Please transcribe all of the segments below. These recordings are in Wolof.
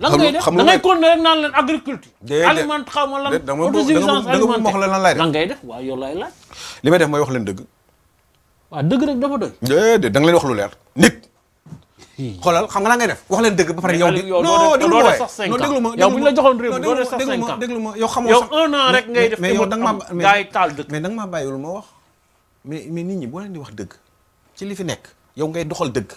lan ngay def da ngay continuer rek naan leen agriculture. aliment xaw ma lan autosuffisance alimentaire lan lay def lan ngay def waaw yow laay laaj. li may def mooy wax leen dëgg. waaw dëgg rek dafa doy. déedéet wax lu leer nit. xoolal xam nga lan ngay def wax leen dëgg ba pare yow. non déglu ma waaye non déglu ma yow bu ñu la joxoon réew mi doo def sax cinq ans déglu ma yow xamoo sax yow un an ma mais mais da ma wax. mais nit ñi boo leen di wax dëgg ci li fi nekk yow ngay doxal dëgg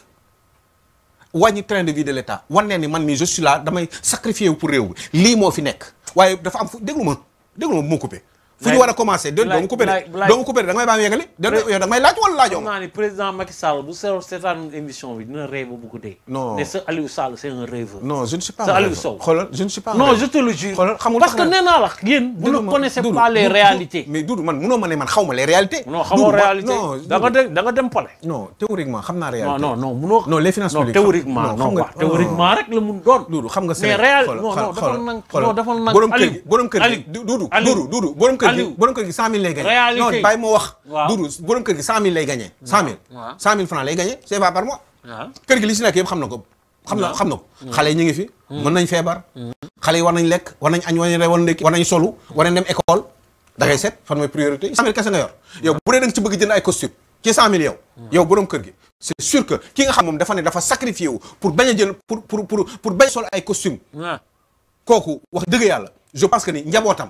wàññi train de vie de ta wan ne ni man mii je suis là damay sacrifié pour réew lii moo fi nekk waaye dafa am fu déglu ma déglu ma bu ma fu ñu war a commencé déet doo ma coupé de doo ma coupé de da nga may baax yegale déet yow da nga may laaj wala laajoo ma ni président Macky Sall bu seetlu seetaan émission bi dina rêve bu guddee non mais ce Aliou Sall c'est un rêveur non je ne suis pas un Aliou Sow xoolal je ne suis pas non je te le jure xoolal xamul parce que nee naa la yéen vous ne connaissez pas les réalités mais Doudou man munoo ma ne man xaw ma les réalités non xamoo réalité da nga dem da nga dem pale non théoriquement xam naa réalité non non munoo non les finances publiques théoriquement non quoi théoriquement rek la mun doon Doudou xam nga c'est réel non non dafa nang non dafa nang Aliou borom kër gi borom kër gi Doudou Doudou borom kër gi borom kër gi cent mille lay gagné non bàyyi moo wax dudu borom kër gi cent mille lay gagné cent mille cent mille francs lay gagné CFA par mois kër gi li si nekk yëpp xam na ko xam na xam na ko mm. xale yi ñu ngi fi mm. mën nañ feebar mm. xale yi war nañ lekk war nañ añ war nañ reer war nañ ndékki war nañ solu war nañ dem école da ngay seet fan mooy priorité yi cent mille kese nga yor yow bu dee da nga ci bëgg jënd ay costume ci cent mille yow yow borom kër gi c'est sûr que ki nga xam moom dafa ne dafa sacrifié wu pour bañ a jël pour pour pour pour bañ a sol ay costume kooku wax dëgg yàlla je pense que ni njabootam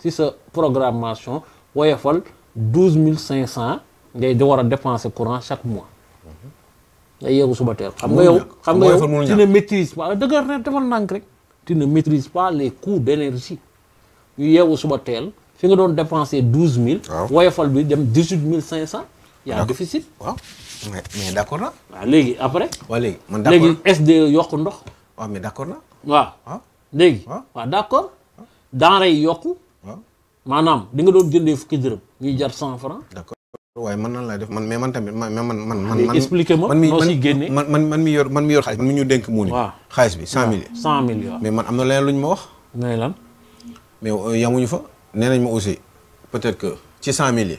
c'est cette programmation, il y a 12 500 devoir dépenser courant chaque mois. Tu ne maîtrises pas. tu ne maîtrises pas les coûts d'énergie. Tu dépenses 12 000, ah. tu 18 500. Il y a un déficit. Mais, d'accord. Après, il ah, que tu Ah. Ah. d'accord. D'accord. D'accord. Dans les manam di nga doon jëndé fukki dërëm ñuy jar 100 francs d'accord way man nan laay def man mais man tamit man man man. man man expliquer ma no ci génné man man man mi yor man mi yor xaliss man mi ñu dénk muuni. waaw xaalis bi 100 millions 100 millions mais man amna na luñ ma wax. ngay lan. mais euh, yamuñu fa nee ma aussi peut-être que ci 100 millions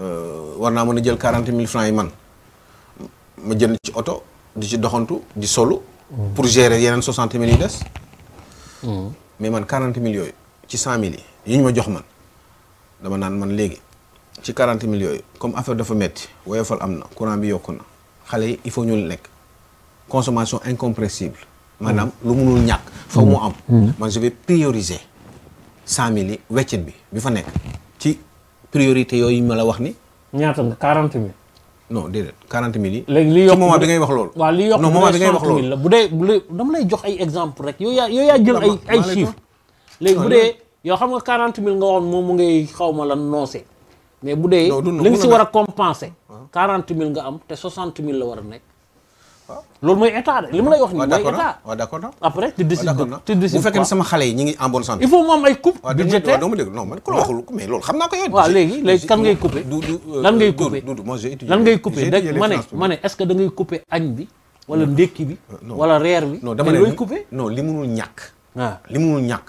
euh warna mëna jël 40000 francs yi man ma jënd ci auto di ci doxantu di solo hmm. pour gérer yenen 60 millions dess des. Hmm. mais man 40 millions ci 100 millions yi ñu ma jox man dama naan man léegi ci 40 mille yooyu comme affaire dafa metti woyofal am na courant bi yokku na xale yi il faut ñu lekk consommation incompressible maanaam mm. lu munul ñàkk faw mu mm. am mm. man je vais prioriser cent mille yi weccit bi bi fa nekk ci priorité yooyu ma la wax ni ñaata nga 40 mille non déedéet 40 mille yi. li yokk moment bi ngay wax loolu. waaw li yokk non moment bi ngay wax loolu. bu dee bu dee dama lay jox ay exemple rek yow yaa yow yaa jël ay ay léegi bu dee. yow xam nga 40 000 nga waxoon moom mu ngay xaw ma la noosé mais bu dee. li nga war a compenser. 40 ah. 000 nga am te 60 000 la war a nekk. Ah. loolu mooy li ma lay wax nii mooy état waaw d'accord na après tu sama xale yi ñu ngi en bonne santé il faut mu am ay coupe budgétaire waaw dégg non man ku la waxul mais loolu xam naa ko yow waaw léegi léegi kan ngay couper lan ngay couper lan ngay couper rek ma ne ma ne est que da ngay añ bi wala ndékki bi euh, wala reer bi non dama ne looy couper non li munul ñàkk waaw ah. li munul ñàkk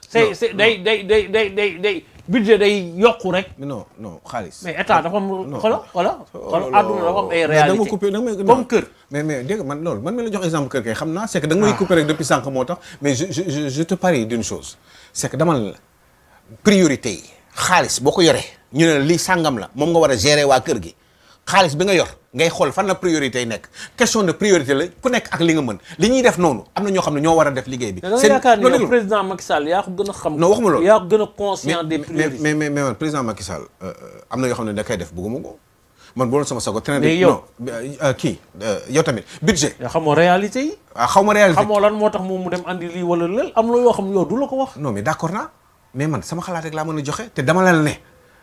say day day day day day day budget day yokku rek. non non xaalis. mais état dafa am xoolal xoolal. xoolal àdduna dafa ay réalité mais da nga ma coupé da nga comme kër. mais mais dégg man loolu man mi la jox exemple kër kay xam naa c'est que da nga may coupé rek depuis sànq moo tax mais je je je te parie d'une chose c'est que priorité yi xaalis boo ko yoree ñu ne lii sangam la moom nga war a gere waa kër gi. xaalis bi nga yor ngay xool fan la priorité yi nekk question de priorité la ku nekk ak li nga mën li ñuy def noonu am na ñoo xam ne ñoo war a def liggéey bi. seen loolu président Macky Sall yaa ko gën a xam. wax waxuma loolu yaa ko gën a conscient des priorités. mais mais mais man président Macky euh, euh, yoo xam ne da koy def bëgguma ko man bu doon sama sago train de euh, kii yow tamit budget xamoo réalité yi. ah xaw ma réalité xamoo lan moo tax moom mu dem andi lii wala lël am na yoo xam yow du la ko wax. non mais d'accord naa mais man sama xalaat rek laa mën a joxe te dama la ne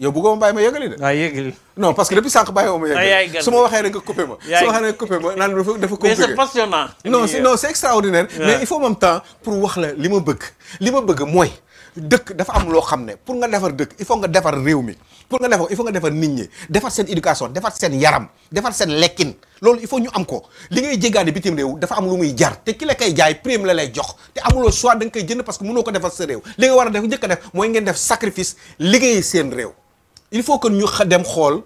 yow bëggoo ma bàyyi ma yëgali de. non parce que depuis sànq bàyyi woo ma yëgali su ma waxee rek nga coupé ma. su ma waxee rek coupé ma naan c'est extraordinaire. mais il faut même temps pour wax la li ma bëgg. li ma bëgg mooy. dëkk dafa am loo xam ne pour nga defar dëkk il faut nga defar réew mi pour nga defar il faut nga defar nit ñi defar seen éducation defar seen yaram defar seen lekkin loolu il faut ñu am ko li ngay jéggaani bitim réew dafa am lu jar te ki la koy jaay prime la lay jox te amuloo choix da nga koy jënd parce que mënoo ko defar sa réew li war a def njëkk a def mooy ngeen def sacrifice liggéey seen réew il faut que ñu dem xool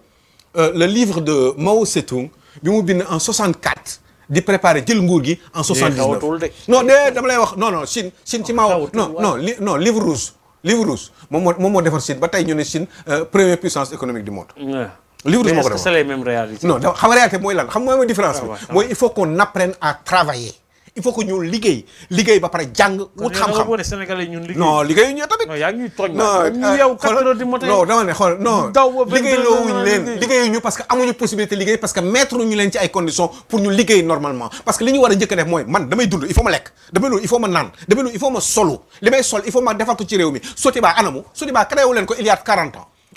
euh, le livre de Mao Tse-tung bi mu bind en 64 de préparer jël en non non non non non non livre rouge livre rouge Chine euh, puissance économique du monde livre rouge la même réalité. non réalité Non, différence ah ah il faut qu'on apprenne à travailler il faut que ñu liggéey liggéey ba pare jàng. wut xam-xam non liggéey ñu tamit. non yaa ngi ñuy euh, leen liggéey ñu parce que amuñu possibilité liggéey parce que mettre ñu leen ci ay conditions pour ñu liggéey normalement parce que li ñu war a njëkk a mooy man damay dund il faut ma lekk damay loolu il faut ma naan damay loolu il faut ma solu li may sol il faut ma defar ko ci réew mi Sotiba anamu Sotiba créé wu leen ko il y a 40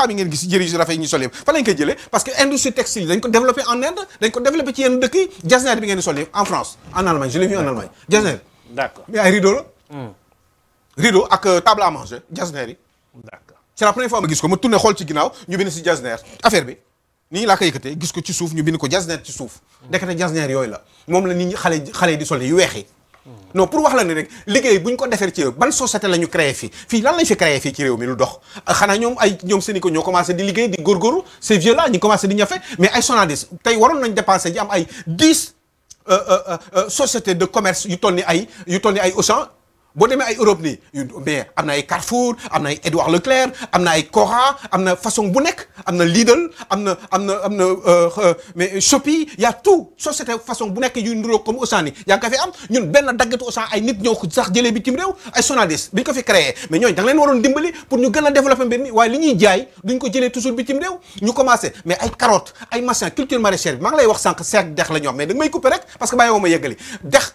femmes ngeen gis jëri yu rafet yi ñu sol fa lañ ko jëlé parce que industrie textile dañ ko développer en Inde dañ ko développer ci yenn dëkk yi jasner bi ngeen di sol en France en Allemagne je l'ai vu en Allemagne jasner d'accord mais ay rideau la hmm. rideau ak euh, table à manger jasner yi d'accord c'est la première fois ma gis ko ma tourné xol ci ginnaaw ñu bin ci jasner affaire bi ni la ko yëkkatee gis ko ci souf ñu bin ko jasner ci suuf hmm. ndekete jasner yoy la mom la nit ñi xalé xalé di sol yu weex non pour wax la ne rek liggéey buñ ko defee ci ban société la ñu créé fii fii lan lañ fi créé fii ci réew mi lu dox ah, xanaa ñoom ay ñoom seen i ko ñoo commencé di liggéey di góorgóorlu ces vieux là ñu commencé di ñafe mais ay Sonadis tey waroon nañ dépensé ji am ay dix euh, euh, euh, société de commerce yu toll ni ay yu toll ni ay Auchan bo demee ay Europe ni mais am na ay Carrefour amna ay Édouard Leclerc amna ay Cora amna façon bu nek amna Lidl amna amna amna euh, am euh, mais Shopee y' a tout so c'était façon bu nek yu niróo comme Auchan yi yaa ngi fi am ñun benn daggatu Auchan ay nit ñoo ko sax jëlee bitim rew ay journalist bi ko fi créer mais ñoy da leen waron dimbali pour ñu gëna développer développé mbir mi waaye li ñuy jaay duñ ko jëlé toujours bitim rew ñu commencé mais ay carottes ay machin culture maraîchère ma maa lay wax sank seet dex la ñom mais da may couper rek parce que bàyyi woo ma yeggali dex.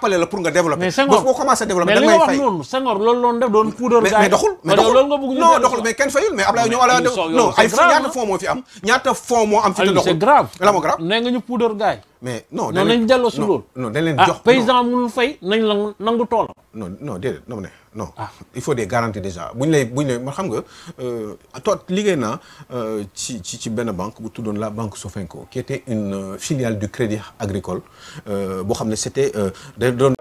jàppale la pour nga développer. mais Senghor boo commencé développer doon puudar. mais mais doxul mais kenn fayul mais Ablaye ñoom. ala non ay ñaata fonds moo fi am moo am. nee nga ñu puudar gaay mais non. non nañ delloo si loolu. non dañ leen ah, nangu toolam. non ah. il faut des garanties déjà Vous ñu lay bu ñu lay ma xam nga euh, toog liggéey naa euh, ci ci ci benn banque bu tuddoon la banque Sofenco qui était une euh, filiale du Crédit Agricole Euh, xam c'était Euh,